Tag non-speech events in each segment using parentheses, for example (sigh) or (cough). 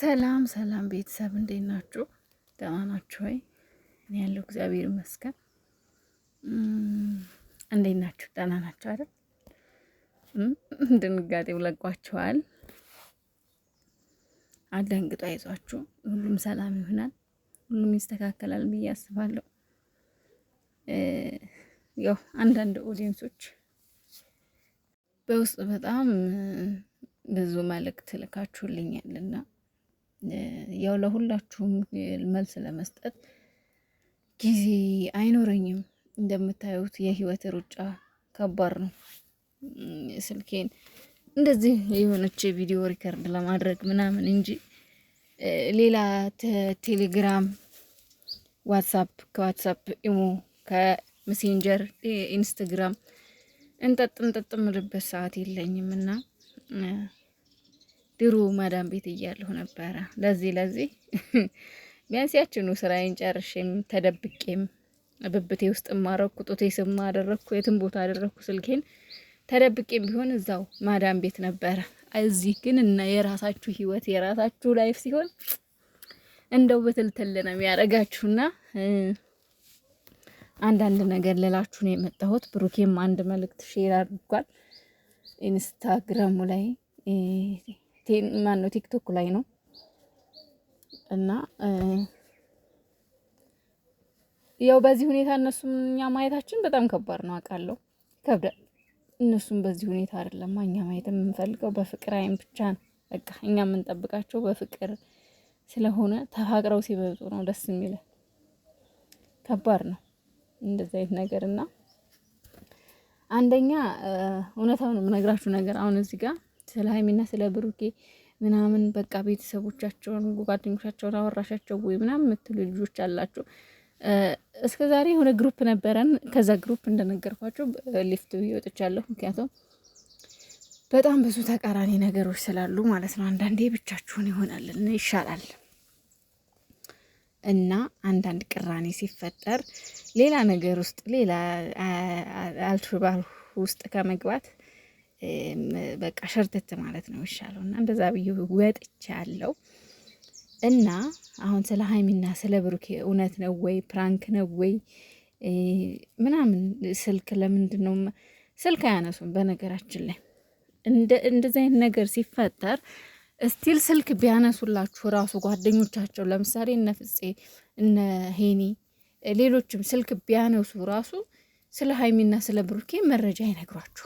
ሰላም ሰላም ቤተሰብ እንዴት ናችሁ? ደህና ናችሁ ወይ? እኔ ያለው እግዚአብሔር ይመስገን። እንዴት ናችሁ? ደህና ናችሁ አይደል? ድንጋጤው ለቋችኋል? አደንግጦ አይዟችሁ፣ ሁሉም ሰላም ይሆናል፣ ሁሉም ይስተካከላል ብዬ አስባለሁ። ያው አንዳንድ ኦዲየንሶች በውስጥ በጣም ብዙ መልእክት ልካችሁልኛልና ያው ለሁላችሁም መልስ ለመስጠት ጊዜ አይኖረኝም። እንደምታዩት የህይወት ሩጫ ከባድ ነው። ስልኬን እንደዚህ የሆነች ቪዲዮ ሪከርድ ለማድረግ ምናምን እንጂ ሌላ ቴሌግራም፣ ዋትሳፕ፣ ከዋትሳፕ ኢሞ፣ ከመሴንጀር ኢንስታግራም እንጠጥ እንጠጥ ምልበት ሰዓት የለኝም እና ድሮ መዳም ቤት እያለሁ ነበረ። ለዚህ ለዚህ (laughs) ቢያንስ ያችኑ ስራዬን ጨርሼም ተደብቄም ብብቴ ውስጥ ማረኩ፣ ጡቴ ስማ አደረግኩ የትም ቦታ አደረግኩ ስልኬን ተደብቄም ቢሆን እዛው ማዳም ቤት ነበረ። እዚህ ግን እና የራሳችሁ ህይወት የራሳችሁ ላይፍ ሲሆን እንደው በትልትል ነው የሚያደርጋችሁና አንዳንድ ነገር ልላችሁ ነው የመጣሁት። ብሩኬም አንድ መልእክት ሼር አድርጓል ኢንስታግራሙ ላይ ማን ነው ቲክቶክ ላይ ነው እና ያው በዚህ ሁኔታ እነሱም እኛ ማየታችን በጣም ከባድ ነው አውቃለሁ፣ ይከብዳል። እነሱም በዚህ ሁኔታ አይደለም እኛ ማየት የምንፈልገው በፍቅር አይን ብቻ ነው። በቃ እኛ የምንጠብቃቸው በፍቅር ስለሆነ ተፋቅረው ሲበጡ ነው ደስ የሚለን። ከባድ ነው እንደዚህ አይነት ነገር እና አንደኛ እውነታውን የምነግራችሁ ነገር አሁን እዚህ ጋር ስለ ሀይሚና ስለ ብሩኬ ምናምን በቃ ቤተሰቦቻቸውን ጓደኞቻቸውን አወራሻቸው ወይ ምናምን የምትሉ ልጆች አላችሁ። እስከ ዛሬ የሆነ ግሩፕ ነበረን። ከዛ ግሩፕ እንደነገርኳቸው ሊፍት ብዬ ወጥቻለሁ። ምክንያቱም በጣም ብዙ ተቃራኒ ነገሮች ስላሉ ማለት ነው። አንዳንዴ ብቻችሁን ይሆናልን ይሻላል እና አንዳንድ ቅራኔ ሲፈጠር ሌላ ነገር ውስጥ ሌላ አልትባል ውስጥ ከመግባት በቃ ሸርተት ማለት ነው ይሻለው እና እንደዛ ብዬ ወጥቼ ያለው እና አሁን ስለ ሀይሚና ስለ ብሩኬ እውነት ነው ወይ ፕራንክ ነው ወይ ምናምን ስልክ ለምንድን ነው ስልክ አያነሱም? በነገራችን ላይ እንደዚህ አይነት ነገር ሲፈጠር ስቲል ስልክ ቢያነሱላችሁ ራሱ ጓደኞቻቸው ለምሳሌ እነ ፍፄ እነ ሄኒ ሌሎችም ስልክ ቢያነሱ ራሱ ስለ ሀይሚና ስለ ብሩኬ መረጃ አይነግሯችሁ።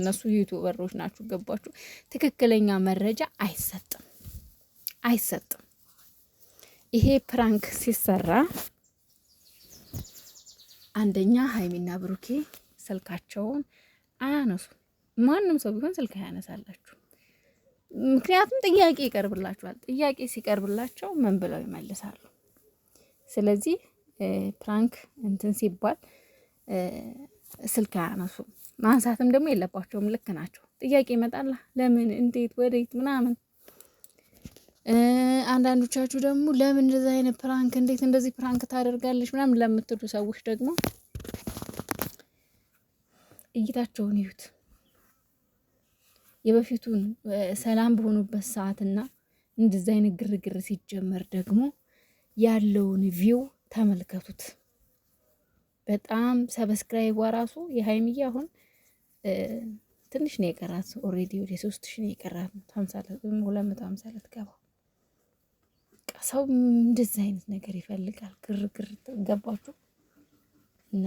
እነሱ ዩቱበሮች ናችሁ፣ ገባችሁ? ትክክለኛ መረጃ አይሰጥም አይሰጥም። ይሄ ፕራንክ ሲሰራ አንደኛ ሀይሚና ብሩኬ ስልካቸውን አያነሱ ማንም ሰው ቢሆን ስልክ አያነሳላችሁ። ምክንያቱም ጥያቄ ይቀርብላችኋል። ጥያቄ ሲቀርብላቸው ምን ብለው ይመልሳሉ? ስለዚህ ፕራንክ እንትን ሲባል ስልክ አያነሱም። ማንሳትም ደግሞ የለባቸውም። ልክ ናቸው። ጥያቄ ይመጣል፣ ለምን፣ እንዴት፣ ወዴት ምናምን። አንዳንዶቻችሁ ደግሞ ለምን እንደዚህ አይነት ፕራንክ፣ እንዴት እንደዚህ ፕራንክ ታደርጋለች ምናምን ለምትሉ ሰዎች ደግሞ እይታቸውን ይዩት። የበፊቱን ሰላም በሆኑበት ሰዓትና እንደዚህ አይነት ግርግር ሲጀመር ደግሞ ያለውን ቪው ተመልከቱት። በጣም ሰብስክራይቧ ራሱ የሀይምዬ አሁን ትንሽ ነው የቀራት። ኦልሬዲ ወደ ሶስት ሺ ነው የቀራት ነው ሁለት መቶ ሀምሳ ልትገባ ሰው እንደዚህ አይነት ነገር ይፈልጋል። ግርግር ገባችሁ እና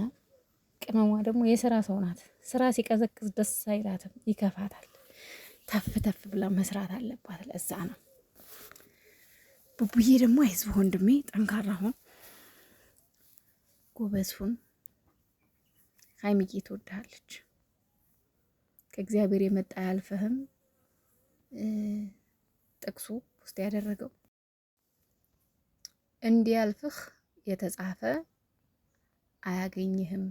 ቅመሟ ደግሞ የስራ ሰው ናት። ስራ ሲቀዘቅዝ ደስ አይላትም፣ ይከፋታል። ተፍ ተፍ ብላ መስራት አለባት። ለዛ ነው ቡቡዬ ደግሞ አይዞህ ወንድሜ፣ ጠንካራ ሁን፣ ጎበዝ ሁን። ሀይሚዬ ትወድሃለች። ከእግዚአብሔር የመጣ አያልፈህም ጥቅሱ ውስጥ ያደረገው እንዲያልፍህ የተጻፈ አያገኝህም፣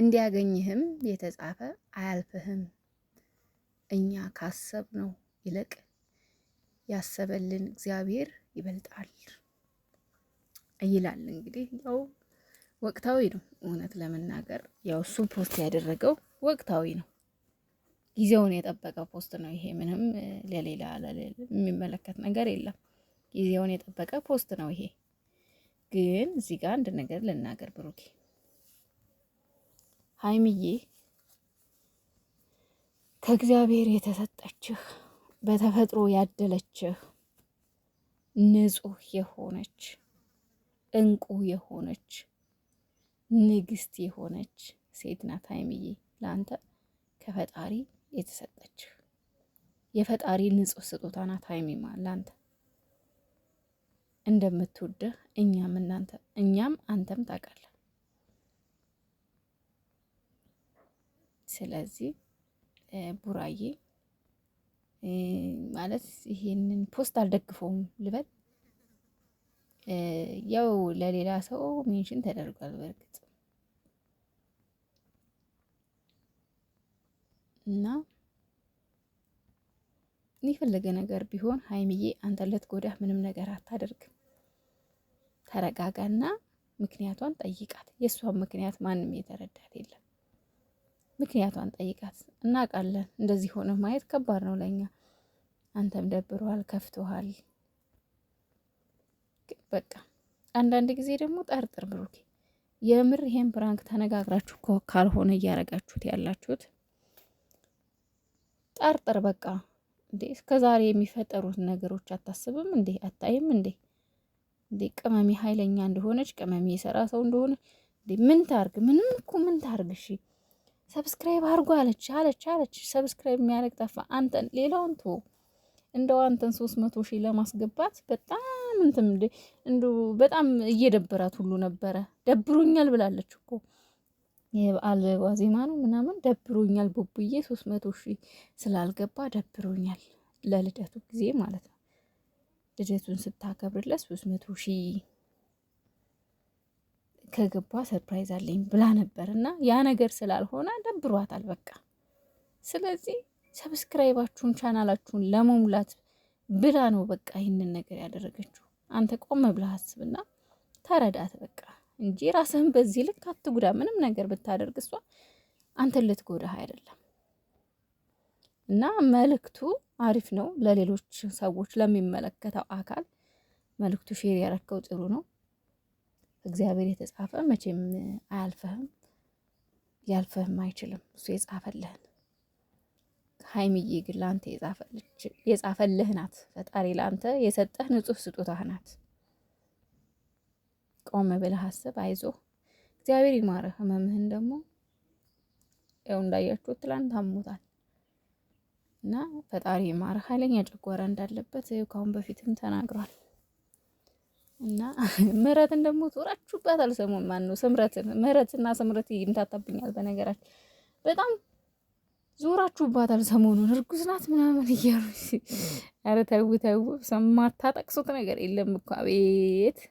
እንዲያገኝህም የተጻፈ አያልፍህም። እኛ ካሰብነው ይልቅ ያሰበልን እግዚአብሔር ይበልጣል ይላል እንግዲህ ያው ወቅታዊ ነው። እውነት ለመናገር ያው እሱ ፖስት ያደረገው ወቅታዊ ነው፣ ጊዜውን የጠበቀ ፖስት ነው። ይሄ ምንም ለሌላ የሚመለከት ነገር የለም። ጊዜውን የጠበቀ ፖስት ነው። ይሄ ግን እዚህ ጋር አንድ ነገር ልናገር፣ ብሩኬ ሀይምዬ ከእግዚአብሔር የተሰጠችህ በተፈጥሮ ያደለችህ ንጹህ የሆነች እንቁ የሆነች ንግስት የሆነች ሴት ናት ሀይሚዬ። ለአንተ ከፈጣሪ የተሰጠች የፈጣሪ ንጹህ ስጦታ ናት ሀይሚማ። ለአንተ እንደምትወደህ እኛም እናንተ እኛም አንተም ታውቃለህ። ስለዚህ ቡራዬ ማለት ይሄንን ፖስት አልደግፈውም ልበል። ያው ለሌላ ሰው ሜንሽን ተደርጓል በእርግጥ እና የፈለገ ነገር ቢሆን ሀይሚዬ አንተ ልትጎዳህ ምንም ነገር አታደርግም። ተረጋጋና ምክንያቷን ጠይቃት። የእሷን ምክንያት ማንም የተረዳት የለም። ምክንያቷን ጠይቃት። እናውቃለን እንደዚህ ሆነ ማየት ከባድ ነው ለኛ። አንተም ደብሮሃል፣ ከፍቶሃል። በቃ አንዳንድ ጊዜ ደግሞ ጠርጥር ብሩኬ፣ የምር ይሄን ፕራንክ ተነጋግራችሁ ካልሆነ እያረጋችሁት ያላችሁት ጠርጥር በቃ እንዴ እስከ ዛሬ የሚፈጠሩት ነገሮች አታስብም እንዴ አታይም እንዴ እንዴ ቅመሜ ኃይለኛ እንደሆነች ቅመሜ የሰራ ሰው እንደሆነ እንዴ ምን ታርግ ምንም እኮ ምን ታርግ እሺ ሰብስክራይብ አርጉ አለች አለች አለች ሰብስክራይብ የሚያደርግ ጠፋ አንተን ሌላውን ቶ እንደው አንተን ሶስት መቶ ሺህ ለማስገባት በጣም እንትም እንዴ እንዱ በጣም እየደበራት ሁሉ ነበረ ደብሮኛል ብላለች እኮ የበዓል ዋዜማ ነው ምናምን ደብሮኛል። ቡቡዬ ሶስት መቶ ሺህ ስላልገባ ደብሮኛል። ለልደቱ ጊዜ ማለት ነው። ልደቱን ስታከብርለት ሶስት መቶ ሺህ ከገባ ሰርፕራይዝ አለኝ ብላ ነበር እና ያ ነገር ስላልሆነ ደብሯታል በቃ። ስለዚህ ሰብስክራይባችሁን ቻናላችሁን ለመሙላት ብላ ነው በቃ ይህንን ነገር ያደረገችው። አንተ ቆም ብለህ አስብና ተረዳት በቃ። እንጂ ራስህን በዚህ ልክ አትጉዳ። ምንም ነገር ብታደርግ እሷ አንተን ልትጎዳህ አይደለም። እና መልእክቱ አሪፍ ነው። ለሌሎች ሰዎች ለሚመለከተው አካል መልእክቱ ሼር ያረከው ጥሩ ነው። እግዚአብሔር የተጻፈ መቼም አያልፈህም፣ ሊያልፈህም አይችልም። እሱ የጻፈልህን ሀይሚዬ ግን ለአንተ የጻፈልህ ናት። ፈጣሪ ለአንተ የሰጠህ ንጹህ ስጦታህ ናት። ቆም ብለህ አስብ፣ አይዞህ፣ እግዚአብሔር ይማረህ። ህመምህን ደግሞ ያው እንዳያችሁ ትላንት አሞታል እና ፈጣሪ ይማረህ። ኃይለኛ ጨጓራ እንዳለበት ከአሁን በፊትም ተናግሯል። እና (laughs) ምህረትን ደግሞ ዞራችሁባት አልሰሙም። ማን ነው ስምረትን? ምህረትና ስምረት ይምታታብኛል። በነገራችን በጣም ዞራችሁባታል። ሰሞኑን እርጉዝ ናት ምናምን እያሉ (laughs) ኧረ ተው ተው፣ ማታጠቅሱት ነገር የለም እኮ አቤት